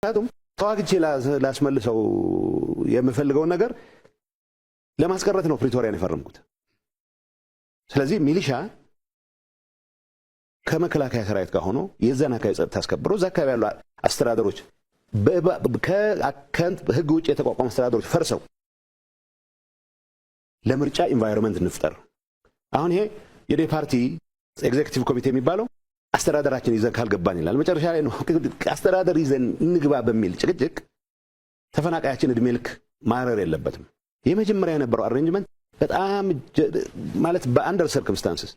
ምክንያቱም ተዋግቼ ላስመልሰው የምፈልገውን ነገር ለማስቀረት ነው ፕሪቶሪያን የፈረምኩት። ስለዚህ ሚሊሻ ከመከላከያ ሰራዊት ጋር ሆኖ የዛን አካባቢ ጸጥታ አስከብሮ እዛ አካባቢ ያሉ አስተዳደሮች ህግ ውጭ የተቋቋሙ አስተዳደሮች ፈርሰው ለምርጫ ኢንቫይሮንመንት እንፍጠር። አሁን ይሄ የዴ ፓርቲ ኤግዜክቲቭ ኮሚቴ የሚባለው አስተዳደራችን ይዘን ካልገባን ይላል። መጨረሻ ላይ ነው አስተዳደር ይዘን እንግባ በሚል ጭቅጭቅ ተፈናቃያችን እድሜ ልክ ማረር የለበትም። የመጀመሪያ የነበረው አሬንጅመንት በጣም ማለት በአንደር ሰርክምስታንስስ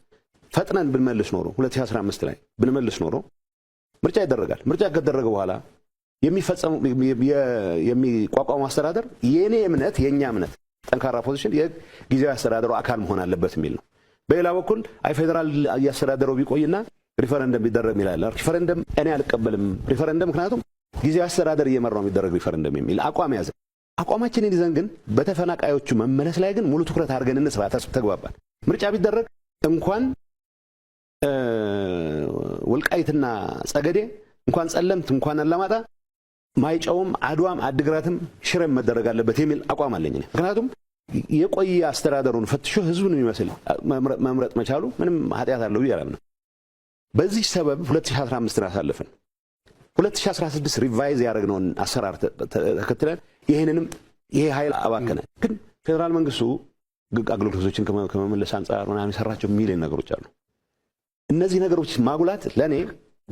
ፈጥነን ብንመልስ ኖሮ 2015 ላይ ብንመልስ ኖሮ ምርጫ ይደረጋል። ምርጫ ከተደረገ በኋላ የሚቋቋሙ አስተዳደር የእኔ እምነት የእኛ እምነት ጠንካራ ፖዚሽን የጊዜያዊ አስተዳደሩ አካል መሆን አለበት የሚል ነው። በሌላ በኩል አይ ፌዴራል እያስተዳደረው ቢቆይና ሪፈረንደም ቢደረግ ይላል። ሪፈረንደም እኔ አልቀበልም። ሪፈረንደም ምክንያቱም ጊዜያዊ አስተዳደር እየመራው የሚደረግ ሪፈረንደም የሚል አቋም ያዘ። አቋማችንን ይዘን ግን በተፈናቃዮቹ መመለስ ላይ ግን ሙሉ ትኩረት አድርገን እንስራ ተግባባል። ምርጫ ቢደረግ እንኳን ወልቃይትና ጸገዴ እንኳን ጸለምት እንኳን አላማጣ ማይጨውም አድዋም አድግራትም ሽረም መደረግ አለበት የሚል አቋም አለኝ። ምክንያቱም የቆየ አስተዳደሩን ፈትሾ ህዝቡን የሚመስል መምረጥ መቻሉ ምንም ኃጢአት አለው ብዬ አላምንም። በዚህ ሰበብ 2015ን አሳልፍን 2016 ሪቫይዝ ያደረግነውን አሰራር ተከትለን ይህንንም ይሄ ኃይል አባከነ። ግን ፌዴራል መንግስቱ አገልግሎቶችን ከመመለስ አንጻር ምናምን የሰራቸው ሚሊዮን ነገሮች አሉ። እነዚህ ነገሮች ማጉላት ለእኔ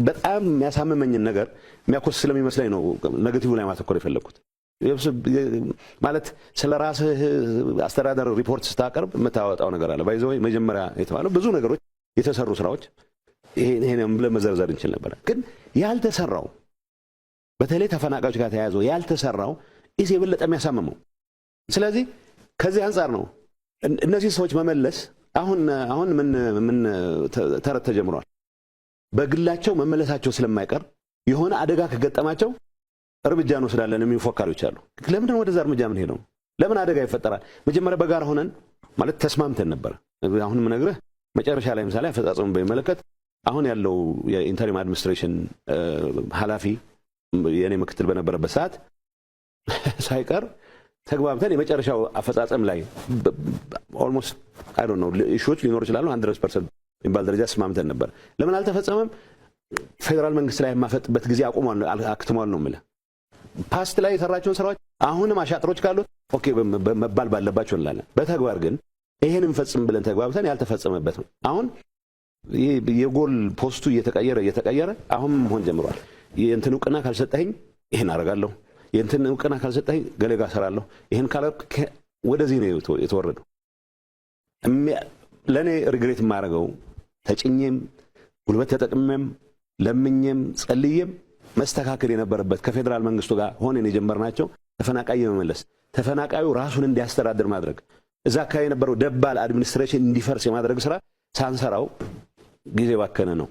በጣም የሚያሳምመኝን ነገር የሚያኮስ ስለሚመስለኝ ነው ነገቲቭ ላይ ማተኮር የፈለግኩት። ማለት ስለ ራስህ አስተዳደር ሪፖርት ስታቀርብ የምታወጣው ነገር አለ ባይዘ መጀመሪያ የተባለው ብዙ ነገሮች የተሰሩ ስራዎች ይሄን ይሄን ብለን መዘርዘር እንችል ነበረ። ግን ያልተሰራው በተለይ ተፈናቃዮች ጋር ተያያዘው ያልተሰራው ኢዝ የበለጠ የሚያሳምመው። ስለዚህ ከዚህ አንጻር ነው እነዚህ ሰዎች መመለስ አሁን አሁን ምን ምን ተረት ተጀምሯል። በግላቸው መመለሳቸው ስለማይቀር የሆነ አደጋ ከገጠማቸው እርምጃ እንወስዳለን የሚሉ ፎካሪዎች አሉ። ለምንድን ወደዛ እርምጃ ምን ሄደው ለምን አደጋ ይፈጠራል? መጀመሪያ በጋራ ሆነን ማለት ተስማምተን ነበር። አሁን ምነግርህ መጨረሻ ላይ ምሳሌ አፈጻጸሙን በሚመለከት አሁን ያለው የኢንተሪም አድሚኒስትሬሽን ኃላፊ የእኔ ምክትል በነበረበት ሰዓት ሳይቀር ተግባብተን የመጨረሻው አፈጻጸም ላይ ኦልሞስት አይ ዶንት ኖ ኢሹዎች ሊኖሩ ይችላሉ። ሀንድረድ ፐርሰንት የሚባል ደረጃ ስማምተን ነበር። ለምን አልተፈጸመም? ፌዴራል መንግስት ላይ የማፈጥበት ጊዜ አቁሟል፣ አክትሟል ነው የምልህ። ፓስት ላይ የሰራቸውን ስራዎች አሁንም አሻጥሮች ካሉት ኦኬ መባል ባለባቸው እንላለን። በተግባር ግን ይሄንም እንፈጽም ብለን ተግባብተን ያልተፈጸመበት ነው አሁን ይህ የጎል ፖስቱ እየተቀየረ እየተቀየረ አሁን መሆን ጀምሯል። የእንትን እውቅና ካልሰጠኝ ይህን አደርጋለሁ፣ የእንትን እውቅና ካልሰጠኝ ገለጋ ሰራለሁ፣ ይህን ካለ ወደዚህ ነው የተወረደው። ለእኔ ሪግሬት የማደርገው ተጭኜም ጉልበት ተጠቅሜም ለምኜም ጸልዬም መስተካከል የነበረበት ከፌዴራል መንግስቱ ጋር ሆነን የጀመርናቸው ተፈናቃይ የመመለስ ተፈናቃዩ ራሱን እንዲያስተዳድር ማድረግ እዛ አካባቢ የነበረው ደባል አድሚኒስትሬሽን እንዲፈርስ የማድረግ ስራ ሳንሰራው ጊዜ ባከነ ነው።